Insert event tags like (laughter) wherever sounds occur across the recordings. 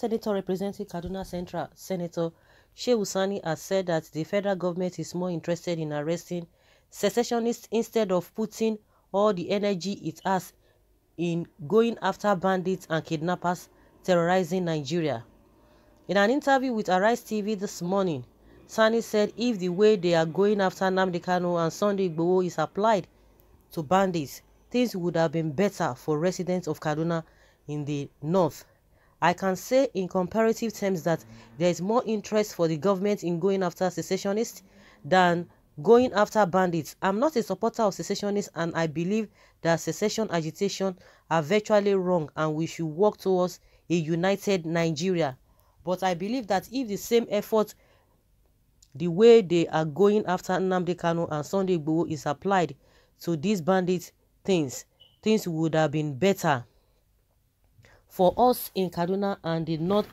Senator representing Kaduna Central, Senator Shehu Sani, has said that the federal government is more interested in arresting secessionists instead of putting all the energy it has in going after bandits and kidnappers terrorizing Nigeria. In an interview with Arise TV this morning, Sani said if the way they are going after Namdi Kanu and Sunday Igboho is applied to bandits, things would have been better for residents of Kaduna in the north. I can say in comparative terms that there is more interest for the government in going after secessionists than going after bandits. I'm not a supporter of secessionists and I believe that secession agitation are virtually wrong and we should work towards a united Nigeria. But I believe that if the same effort, the way they are going after Nnamdi Kanu and Sunday Igboho is applied to these bandit things, things would have been better. for us in Kaduna and the north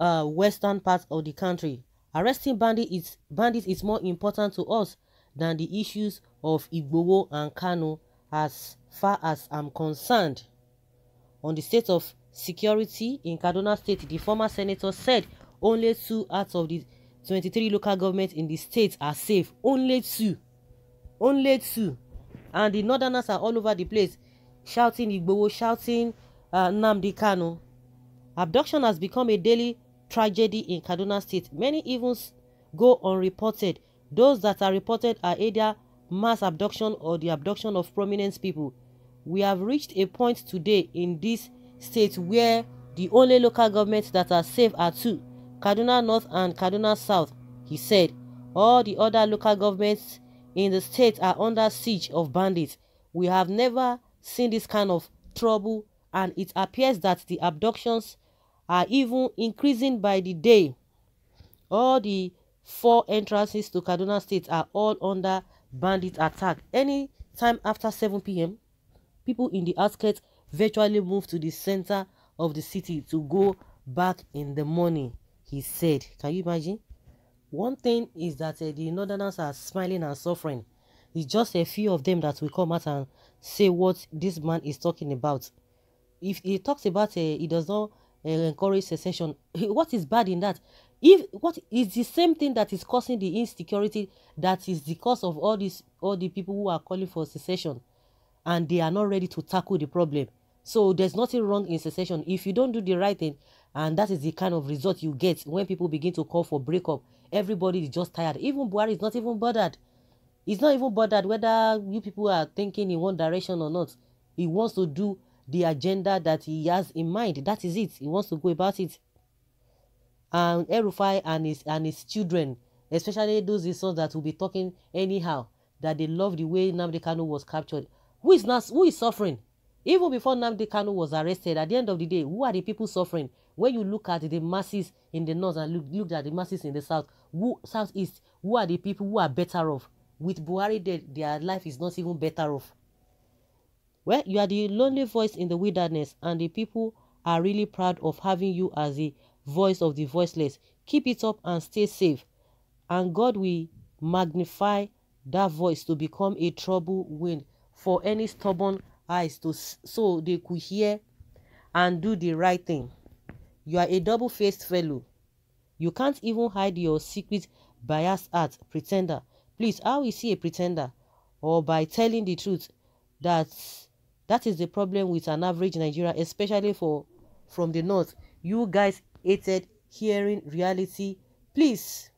uh, western part of the country. Arresting bandits is, bandits is more important to us than the issues of Igboho and Kano as far as I'm concerned. On the state of security in Kaduna State, the former senator said only two out of the 23 local governments in the state are safe. Only two. Only two. And the northerners are all over the place shouting Igboho, shouting uh, Namdi Kanu. Abduction has become a daily tragedy in Kaduna State. Many events go unreported. Those that are reported are either mass abduction or the abduction of prominent people. We have reached a point today in this state where the only local governments that are safe are two, Kaduna North and Kaduna South, he said. All the other local governments in the state are under siege of bandits. We have never seen this kind of trouble and it appears that the abductions are even increasing by the day. All the four entrances to Kaduna State are all under bandit attack. Any time after 7 p.m., people in the outskirts virtually move to the center of the city to go back in the morning, he said. Can you imagine? One thing is that uh, the northerners are smiling and suffering. It's just a few of them that will come out and say what this man is talking about if he talks about uh, he does not uh, encourage secession, (laughs) what is bad in that? If what is the same thing that is causing the insecurity that is the cause of all these all the people who are calling for secession, and they are not ready to tackle the problem. So there's nothing wrong in secession if you don't do the right thing, and that is the kind of result you get when people begin to call for breakup. Everybody is just tired. Even Buhari is not even bothered. He's not even bothered whether you people are thinking in one direction or not. He wants to do the agenda that he has in mind. That is it. He wants to go about it. And Erufai and his and his children, especially those his sons that will be talking anyhow, that they love the way Namdi Kanu was captured. Who is not who is suffering? Even before Namdi Kanu was arrested, at the end of the day, who are the people suffering? When you look at the masses in the north and look, look at the masses in the south, who southeast, who are the people who are better off? With Buhari, dead, their life is not even better off. Well, you are the lonely voice in the wilderness, and the people are really proud of having you as the voice of the voiceless. Keep it up and stay safe. And God will magnify that voice to become a trouble wind for any stubborn eyes to so they could hear and do the right thing. You are a double-faced fellow. You can't even hide your secret bias as pretender. Please, how is he a pretender? Or by telling the truth that that is the problem with an average Nigerian, especially for from the north. You guys hated hearing reality. Please,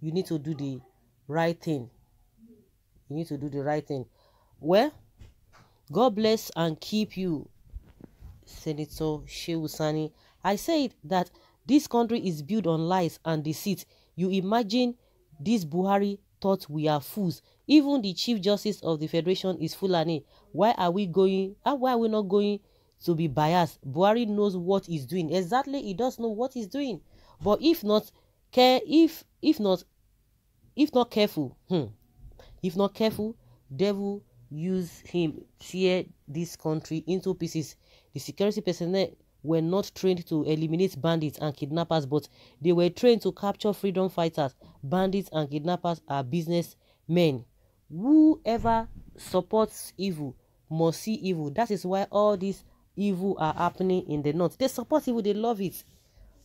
you need to do the right thing. You need to do the right thing. Well, God bless and keep you, Senator Sani. I said that this country is built on lies and deceit. You imagine this Buhari thought we are fools. Even the Chief Justice of the Federation is Fulani. Why are we going, ah, why are we not going to be biased? Buhari knows what he's doing. Exactly, he does know what he's doing. But if not, care if if not if not careful hmm, if not careful devil use him tear this country into pieces the security personnel were not trained to eliminate bandits and kidnappers but they were trained to capture freedom fighters bandits and kidnappers are businessmen Whoever supports evil must see evil. That is why all these evil are happening in the north. They support evil, they love it.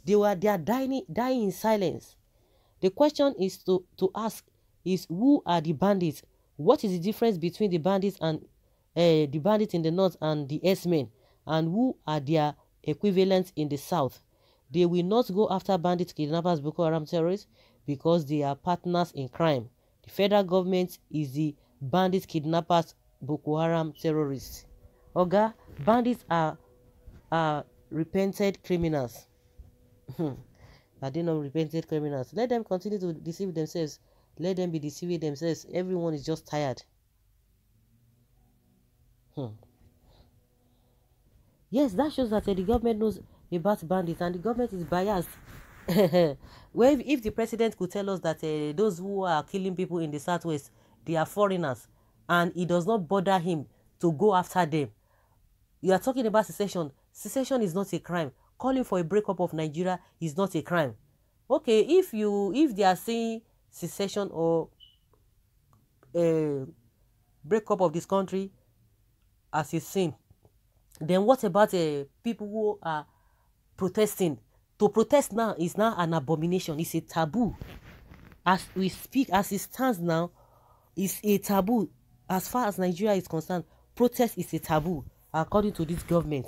They were they are dying, dying in silence. The question is to, to ask is who are the bandits? What is the difference between the bandits and uh, the bandits in the north and the S-men? And who are their equivalents in the south? They will not go after bandits, kidnappers, Boko Haram terrorists because they are partners in crime. The federal government is the bandits, kidnappers, Boko Haram terrorists. Oga, bandits are, are repented criminals. Hmm. are they not repented criminals? Let them continue to deceive themselves. Let them be deceiving themselves. Everyone is just tired. Hmm. Yes, that shows that uh, the government knows about bandits and the government is biased (laughs) well, if, if, the president could tell us that uh, those who are killing people in the southwest, they are foreigners, and it does not bother him to go after them. You are talking about secession. Secession is not a crime. Calling for a breakup of Nigeria is not a crime. Okay, if you if they are saying secession or a eh, breakup of this country as a sin, then what about uh, people who are protesting to protest now is now an abomination. It's a taboo. As we speak, as it stands now, it's a taboo. As far as Nigeria is concerned, protest is a taboo, according to this government.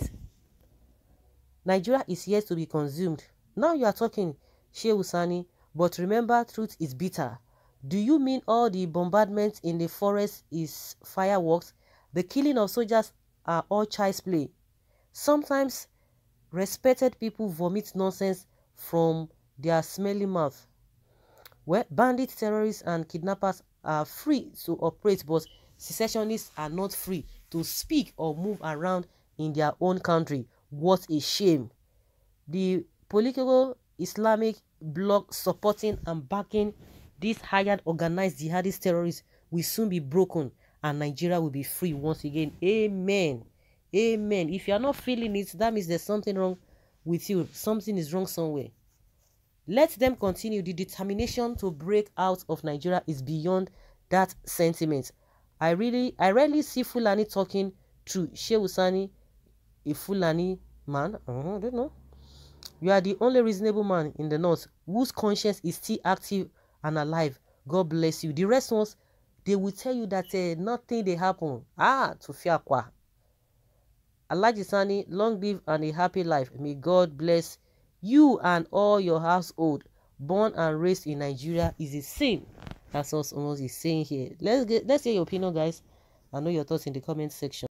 Nigeria is yet to be consumed. Now you are talking, Sheh Usani, but remember, truth is bitter. Do you mean all the bombardments in the forest is fireworks? The killing of soldiers are all child's play. Sometimes Respected people vomit nonsense from their smelly mouth. Well, bandits, terrorists, and kidnappers are free to operate, but secessionists are not free to speak or move around in their own country. What a shame. The political Islamic bloc supporting and backing these hired organized jihadist terrorists will soon be broken and Nigeria will be free once again. Amen. Amen. If you are not feeling it, that means there's something wrong with you. Something is wrong somewhere. Let them continue. The determination to break out of Nigeria is beyond that sentiment. I really, I rarely see Fulani talking to Shehusani, a Fulani man. Uh, I don't know. You are the only reasonable man in the north whose conscience is still active and alive. God bless you. The rest ones, they will tell you that uh, nothing they happen. Ah, to Fiakwa. Alaji Sani, long live and a happy life. May God bless you and all your household. Born and raised in Nigeria is the same. That's what almost is saying here. Let's get let's hear your opinion, guys. I know your thoughts in the comment section.